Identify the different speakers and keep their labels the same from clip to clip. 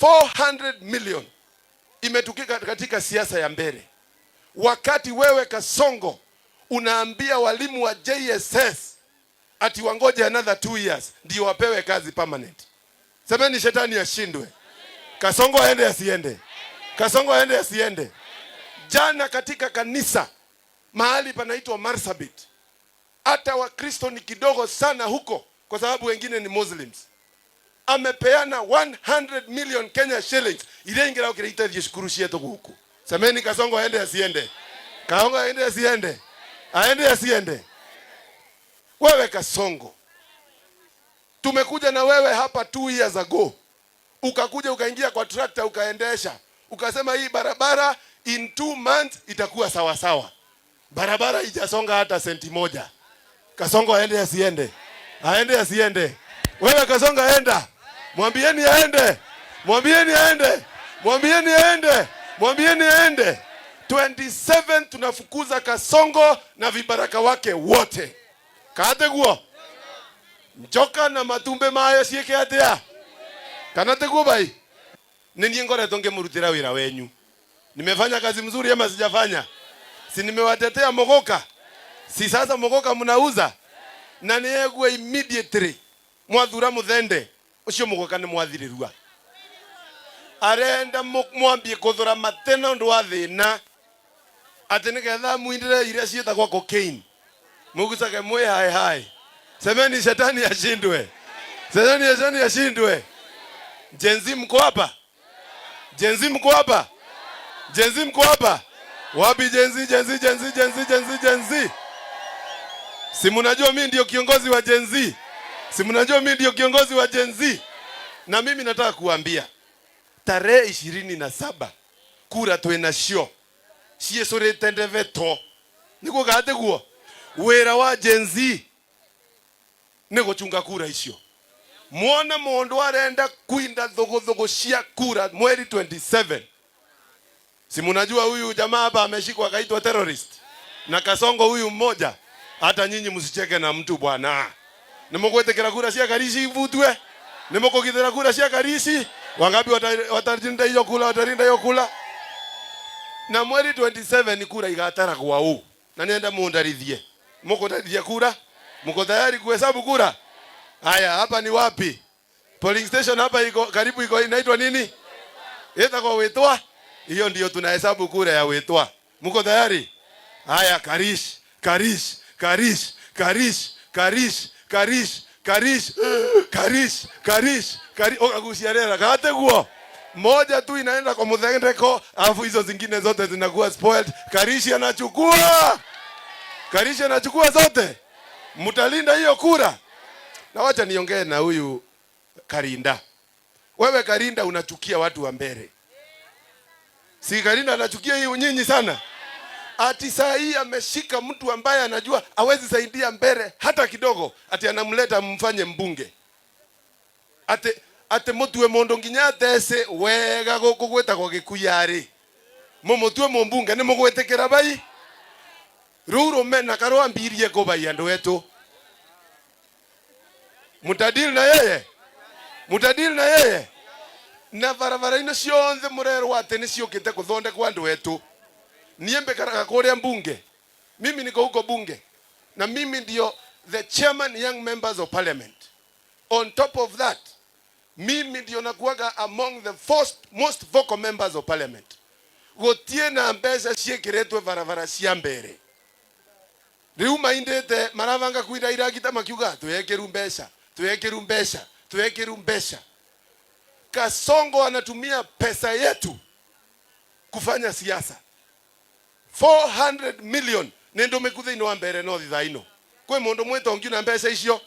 Speaker 1: 400 million imetukika katika siasa ya mbele. Wakati wewe Kasongo unaambia walimu wa JSS ati wangoje another two years ndio wapewe kazi permanent. Semeni shetani ashindwe. Kasongo aende asiende? Kasongo aende asiende? Jana katika kanisa mahali panaitwa Marsabit, hata Wakristo ni kidogo sana huko, kwa sababu wengine ni Muslims amepeana 100 million Kenya shillings ile ingira ukirita thie shukuru cietu guku semeni kasongo aende asiende kaongo aende asiende aende asiende wewe kasongo tumekuja na wewe hapa 2 years ago ukakuja ukaingia kwa tractor ukaendesha ukasema hii barabara in 2 months itakuwa sawa sawa barabara ijasonga hata senti moja kasongo aende asiende aende asiende wewe kasonga enda Mwambieni aende, mwambieni aende, mwambieni aende, mwambieni aende. 27 tunafukuza Kasongo na vibaraka wake wote kaate guo njoka na matumbe mayo cieke atia kanate guo bai ni nie ngoretwo ngimurutira wira wenyu nimefanya kazi mzuri ama sijafanya si nimewatetea mogoka si sasa mogoka mnauza na niegwe immediately mwathura muthende ucio mugweka ni mwathirerua arenda mwambie kuthura mate na undu wa thina ati nigetha mwindire iria ciitagwo cocaine mugucage mwi hai hai semeni shetani ashindwe shetani shetani ashindwe jenzi mko hapa jenzi mko hapa jenzi mko hapa wapi jenzi jenzi jenzi jenzi jenzi jenzi si mnajua mimi ndio kiongozi wa jenzi jenzi Si mnajua mimi ndio kiongozi wa Gen Z, na mimi nataka kuambia tarehe ishirini na saba kura twina cio ciicurite ndeve to niguo gate guo wira wa Gen Z ni guchunga kura icio mwone mundu arenda kuinda thuguthugu cia kura mweri 27 si munajua huyu jamaa hapa ameshikwa akaitwa terrorist na kasongo huyu mmoja hata nyinyi msicheke na mtu bwana ni mugwitikira kura cia Karisi ibutwe? Ni mukugithira kura cia Karisi? Wangapi watarinda hiyo kula, watarinda hiyo kula? Na mweri 27 kura igatara kwa u. Na nienda mundarithie. Muko tayari kura? Muko tayari kuhesabu kura? Haya, hapa ni wapi? Polling station hapa iko karibu, iko inaitwa nini? Eta kwa wetwa? Hiyo ndio tunahesabu kura ya wetwa. Muko tayari? Haya, Karish, Karish, Karish, Karish, Karish karish karish karish karish karish ukagusiarera oh, guo moja tu inaenda kwa mudhendeko alafu hizo zingine zote zinakuwa spoiled. Karishi anachukua, Karishi anachukua zote. Mtalinda hiyo kura. Na wacha niongee na huyu Karinda. Wewe Karinda unachukia watu wa mbele, si Karinda anachukia hii unyinyi sana Ati saa hii ameshika mtu ambaye anajua awezi saidia mbele hata kidogo, ati anamleta mfanye mbunge. Ati ati mutue mundu nginya thece wega guku gwitagwo gikuyari mumutue mumbunge ni mugwitikira bai ruru mena karwa mbirie go bai andu wetu mutadil na yeye mutadil na yeye na barabara sionze murero ciothe murerwo ati kuthonde kwa andu wetu niembe karaka kakorea mbunge Mimi niko huko bunge na mimi ndio the chairman young members of parliament. On top of that, mimi ndio nakuaga among the first most vocal members of parliament. Gotie na mbeca ciikiretwe barabara cia mbere riu maindite maravanga kwira iragita makiuga twekeru mbeca twekeru mbeca twekeru mbeca. Kasongo anatumia pesa yetu kufanya siasa. 400 million nä ndå mä ku thä inä wa mbere no thitha ino kwä må ndå mwä na mbeca icio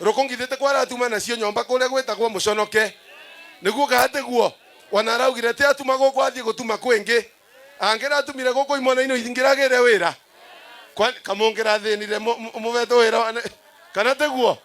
Speaker 1: rå kå ngithä kwaratuma nacio nyomba kå rä a gwä tagwo må conoke nä guo gatä guo ona araugire tä atuma gå kå athiä gå tuma kwä ngä angä ratumire gå kå imona ino ingä ragä re wä ra kamå ngä rathä nire må betå wä ra kana tä guo